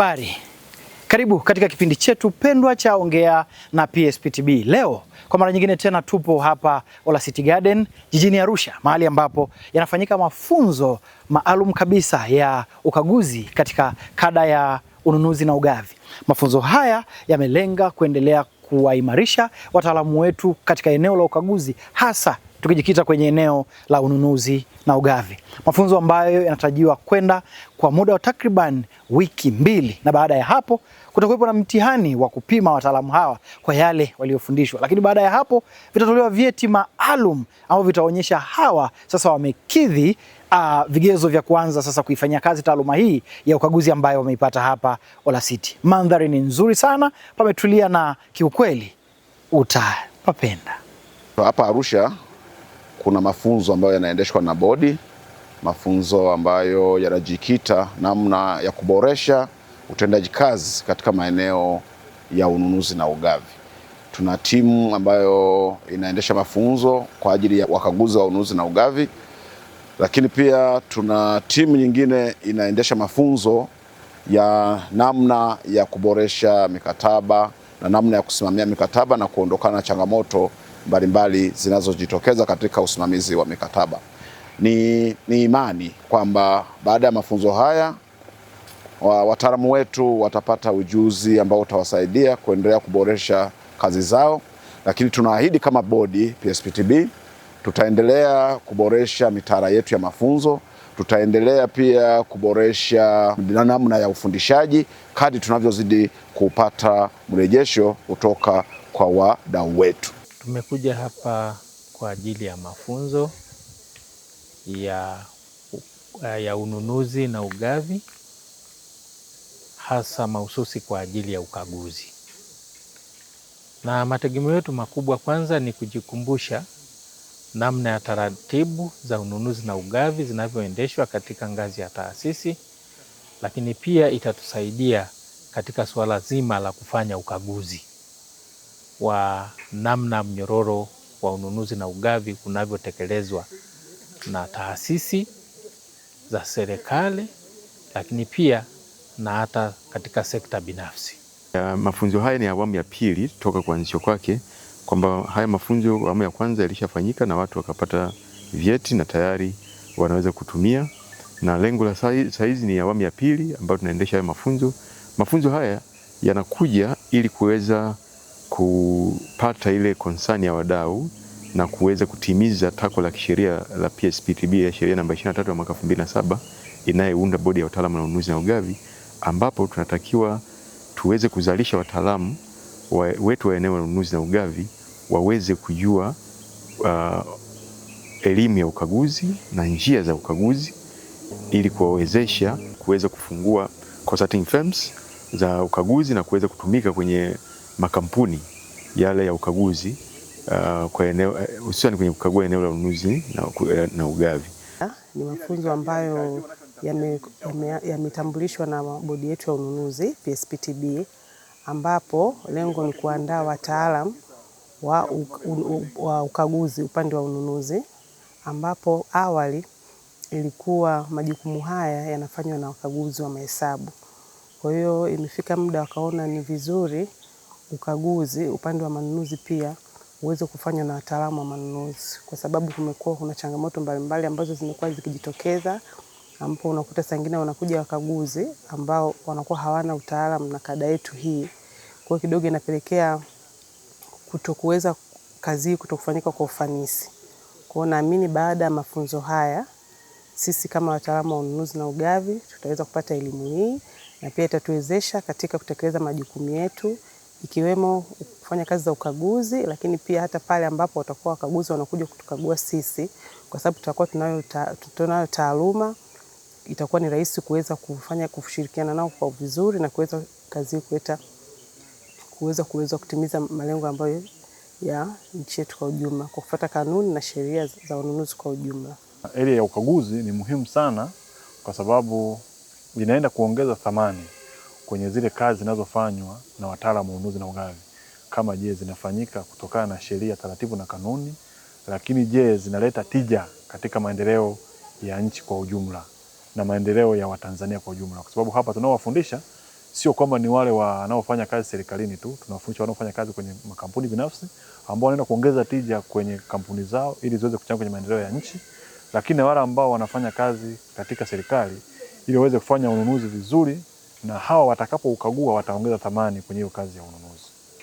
Habari, karibu katika kipindi chetu pendwa cha Ongea na PSPTB. Leo kwa mara nyingine tena tupo hapa Ola City Garden jijini Arusha, mahali ambapo yanafanyika mafunzo maalum kabisa ya ukaguzi katika kada ya ununuzi na ugavi. Mafunzo haya yamelenga kuendelea kuwaimarisha wataalamu wetu katika eneo la ukaguzi hasa tukijikita kwenye eneo la ununuzi na ugavi, mafunzo ambayo yanatarajiwa kwenda kwa muda wa takriban wiki mbili, na baada ya hapo kutakuwepo na mtihani wa kupima wataalamu hawa kwa yale waliofundishwa, lakini baada ya hapo vitatolewa vyeti maalum ambavyo vitaonyesha hawa sasa wamekidhi Uh, vigezo vya kuanza sasa kuifanyia kazi taaluma hii ya ukaguzi ambayo wameipata hapa Ola City. Mandhari ni nzuri sana, pametulia na kiukweli utapapenda hapa Arusha. Kuna mafunzo ambayo yanaendeshwa na bodi, mafunzo ambayo yanajikita namna ya kuboresha utendaji kazi katika maeneo ya ununuzi na ugavi. Tuna timu ambayo inaendesha mafunzo kwa ajili ya wakaguzi wa ununuzi na ugavi, lakini pia tuna timu nyingine inaendesha mafunzo ya namna ya kuboresha mikataba na namna ya kusimamia mikataba na kuondokana na changamoto mbalimbali zinazojitokeza katika usimamizi wa mikataba. Ni, ni imani kwamba baada ya mafunzo haya wataalamu wetu watapata ujuzi ambao utawasaidia kuendelea kuboresha kazi zao, lakini tunaahidi kama bodi PSPTB tutaendelea kuboresha mitaala yetu ya mafunzo, tutaendelea pia kuboresha namna ya ufundishaji kadri tunavyozidi kupata mrejesho kutoka kwa wadau wetu. Tumekuja hapa kwa ajili ya mafunzo ya, ya ununuzi na ugavi hasa mahususi kwa ajili ya ukaguzi. Na mategemeo yetu makubwa kwanza ni kujikumbusha namna ya taratibu za ununuzi na ugavi zinavyoendeshwa katika ngazi ya taasisi, lakini pia itatusaidia katika suala zima la kufanya ukaguzi wa namna mnyororo wa ununuzi na ugavi unavyotekelezwa na taasisi za serikali, lakini pia na hata katika sekta binafsi. Ya, mafunzo haya ni awamu ya pili toka kuanzishwa kwake, kwamba haya mafunzo awamu ya kwanza yalishafanyika na watu wakapata vyeti na tayari wanaweza kutumia, na lengo la saizi ni awamu ya pili ambayo tunaendesha haya mafunzo. Mafunzo haya yanakuja ili kuweza kupata ile konsani ya wadau na kuweza kutimiza takwa la kisheria la PSPTB ya sheria namba 23 ya mwaka 2007 inayounda bodi ya wataalamu na ununuzi na ugavi, ambapo tunatakiwa tuweze kuzalisha wataalamu wetu wa eneo la ununuzi na ugavi waweze kujua uh, elimu ya ukaguzi na njia za ukaguzi ili kuwawezesha kuweza kufungua consulting firms za ukaguzi na kuweza kutumika kwenye makampuni yale ya ukaguzi uh, kwa eneo eh, hususani kwenye kukagua eneo la ununuzi na, eh, na ugavi. Ni mafunzo ambayo yametambulishwa yame, yame na bodi yetu ya ununuzi PSPTB, ambapo lengo ni kuandaa wataalam wa, u, u, u, wa ukaguzi upande wa ununuzi, ambapo awali ilikuwa majukumu haya yanafanywa na wakaguzi wa mahesabu. Kwa hiyo imefika muda wakaona ni vizuri ukaguzi upande wa manunuzi pia uweze kufanya na wataalamu wa manunuzi, kwa sababu kumekuwa kuna changamoto mbalimbali ambazo zimekuwa zikijitokeza, ambapo unakuta saa wanakuja wakaguzi ambao wanakuwa hawana utaalamu na kada yetu hii. Kwa kidogo inapelekea kutokuweza kazi kutokufanyika kwa ufanisi. Kwa naamini baada ya mafunzo haya sisi kama wataalamu wa ununuzi na ugavi tutaweza kupata elimu hii na pia itatuwezesha katika kutekeleza majukumu yetu ikiwemo kufanya kazi za ukaguzi, lakini pia hata pale ambapo watakuwa wakaguzi wanakuja kutukagua sisi, kwa sababu tutakuwa tunayo tunayo taaluma, itakuwa ni rahisi kuweza kufanya kushirikiana nao kwa vizuri na kuweza kazi kuleta kuweza kuweza kutimiza malengo ambayo ya nchi yetu kwa ujumla kwa kufuata kanuni na sheria za ununuzi kwa ujumla. Eliya ya ukaguzi ni muhimu sana kwa sababu inaenda kuongeza thamani kwenye zile kazi zinazofanywa na wataalamu wa ununuzi na ugavi, kama je, zinafanyika kutokana na sheria, taratibu na kanuni, lakini je, zinaleta tija katika maendeleo ya nchi kwa ujumla na maendeleo ya Watanzania kwa ujumla, kwa sababu hapa tunaowafundisha sio kwamba ni wale wanaofanya kazi serikalini tu, tunawafundisha wanaofanya kazi kwenye makampuni binafsi ambao wanaenda kuongeza tija kwenye kampuni zao ili ziweze kuchangia kwenye maendeleo ya nchi, lakini wale ambao wanafanya kazi katika serikali ili waweze kufanya ununuzi vizuri na hawa watakapoukagua wataongeza thamani kwenye hiyo kazi ya ununuzi.